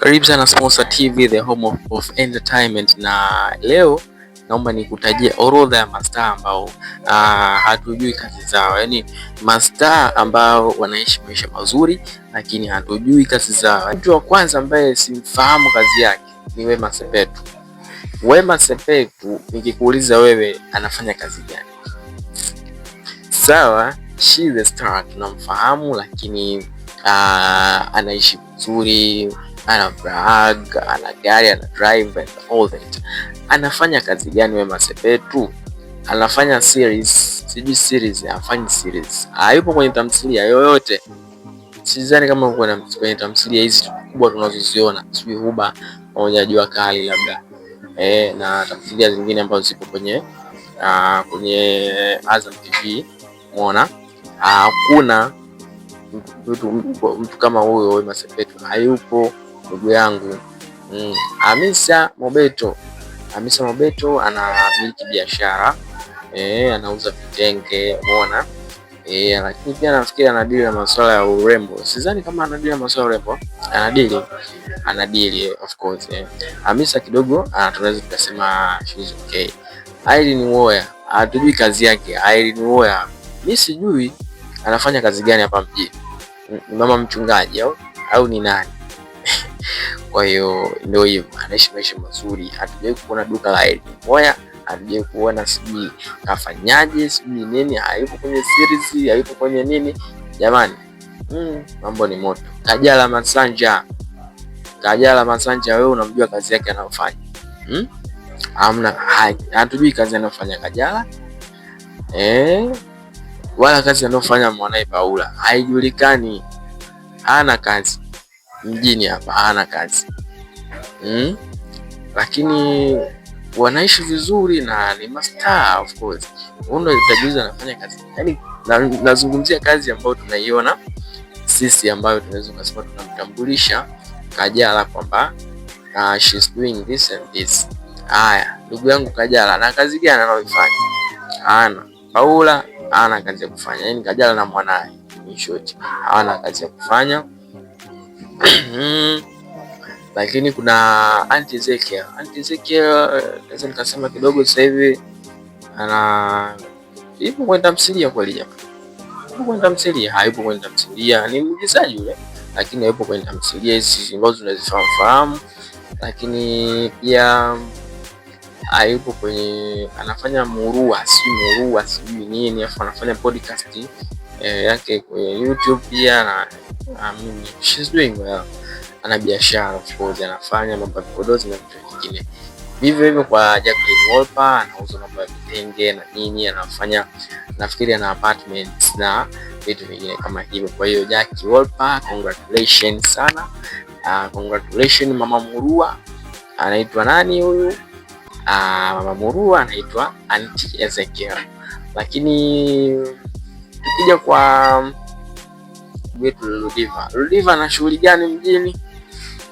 Karibu sana Sponsor TV, the home of, of entertainment, na leo naomba nikutajia orodha ya mastaa ambao uh, hatujui kazi zao, yaani mastaa ambao wanaishi maisha mazuri lakini hatujui kazi zao. Mtu wa kwanza ambaye simfahamu kazi yake ni Wema Sepetu. Wema Sepetu, nikikuuliza wewe anafanya kazi gani? Sawa, she the star tunamfahamu, lakini uh, anaishi vizuri ana brag, ana gari, ana drive and all that. Anafanya kazi gani Wema masepetu Anafanya series, sijui series, hafanyi series. Hayupo kwenye tamthilia yoyote. Sidhani kama kuna kwenye tamthilia hizi kubwa tunazoziona, sijui Huba pamoja Jua Kali labda Eh, na tamthilia zingine ambazo zipo kwenye uh, kwenye Azam TV umeona, hakuna uh, mtu, mtu, mtu kama huyo Wema Sepetu hayupo ndugu yangu mm. Hamisa Mobeto, Hamisa Mobeto anamiliki biashara e, anauza vitenge umeona e, lakini pia nafikiri anadili na masuala ya urembo. Sidhani kama anadili na masuala ya urembo, anadili anadili of course eh. Hamisa kidogo tunaweza tukasema she's okay. Irene Uwoya hatujui kazi yake. Irene Uwoya mimi sijui anafanya kazi gani hapa mjini, mama mchungaji au au ni nani? Kwa hiyo ndio hivyo, anaishi maisha mazuri. Hatujai kuona duka la moya hatujai kuona sijui kafanyaje sijui nini, hayupo kwenye series, hayupo kwenye nini. Jamani, mm, mambo ni moto. Kajala Masanja, Kajala Masanja, wewe unamjua kazi yake anayofanya hmm? Amna, hatujui kazi anayofanya Kajala eh, wala kazi anayofanya mwanae Paula haijulikani, hana kazi mjini hapa hana kazi mm? Lakini wanaishi vizuri na ni mastaa of course. Unaona itajuzi anafanya kazi yani, nazungumzia na kazi ambayo tunaiona sisi, ambayo tunaweza kusema tunamtambulisha Kajala kwamba uh, she's doing this and this. Haya, ndugu yangu Kajala na kazi gani anaoifanya? Ana Paula ana kazi ya kufanya, yani, Kajala na mwanae in short, hana kazi ya kufanya Mm-hmm. lakini kuna Anti Zekia. Anti Zekia eh, naweza nikasema kidogo sasa hivi ana ipo kwenda msilia kweli, jamaa ipo kwenda msilia, haipo kwenda msilia, ni mwigizaji yule, lakini haipo kwenda msilia hizi ambazo tunazifahamu, lakini pia haipo kwenye, anafanya murua si murua si nini, afu anafanya podcast eh, yake kwenye YouTube pia na um, she's doing well. Ana biashara of course, anafanya mambo ya vipodozi na vitu vingine vivyo hivyo. Kwa Jacqueline Wolper anauza mambo ya vitenge na nini, anafanya nafikiri ana apartments na vitu vingine kama hivyo. Kwa hiyo Jackie Wolper, congratulations sana. Uh, congratulations mama Murua anaitwa nani huyu? Uh, mama Murua anaitwa Auntie Ezekiel, lakini Ukija kwa mm, wetu Ludiva, Ludiva ana shughuli gani mjini?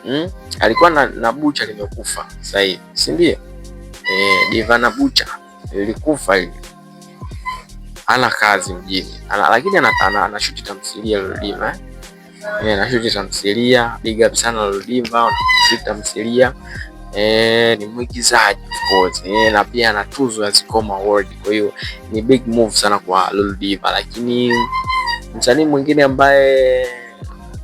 Hmm? Alikuwa na, na bucha limekufa sasa hivi, si ndio? Eh, Diva na bucha lilikufa hivi. Ana kazi mjini. Ana, lakini shuti tamthilia Ludiva. Eh, eh shuti tamthilia. Big up sana Ludiva, shuti tamthilia e, ni mwigizaji of course e, na pia ana tuzo ya Zikoma Award. Kwa hiyo ni big move sana kwa Lulu Diva, lakini msanii mwingine ambaye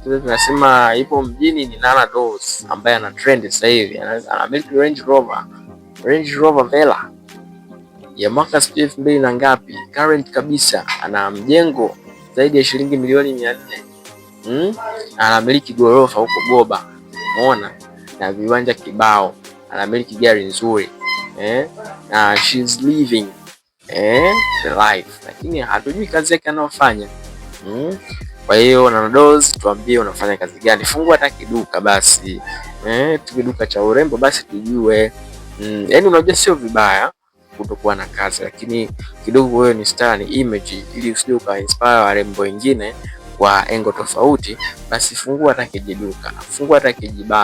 tunasema ipo mjini ni Nana Dos ambaye ana trend sasa hivi, anamiliki Range Rover, Range Rover Vela ya mwaka sijui elfu mbili na ngapi current kabisa, ana mjengo zaidi ya shilingi milioni mia nne. Hmm? Anamiliki gorofa huko Goba, umeona na viwanja kibao, anamiliki gari nzuri eh, na she's living eh, the life, lakini hatujui kazi yake anayofanya mm. Kwa hiyo Nana Dolls, tuambie unafanya kazi gani? Fungua hata kiduka basi eh, tukiduka cha urembo basi tujue mm. Yani unajua sio vibaya kutokuwa na kazi, lakini kidogo wewe ni star, ni image, ili usije uka inspire warembo wengine kwa engo tofauti, basi fungua hata kijiduka, fungua hata kijibaa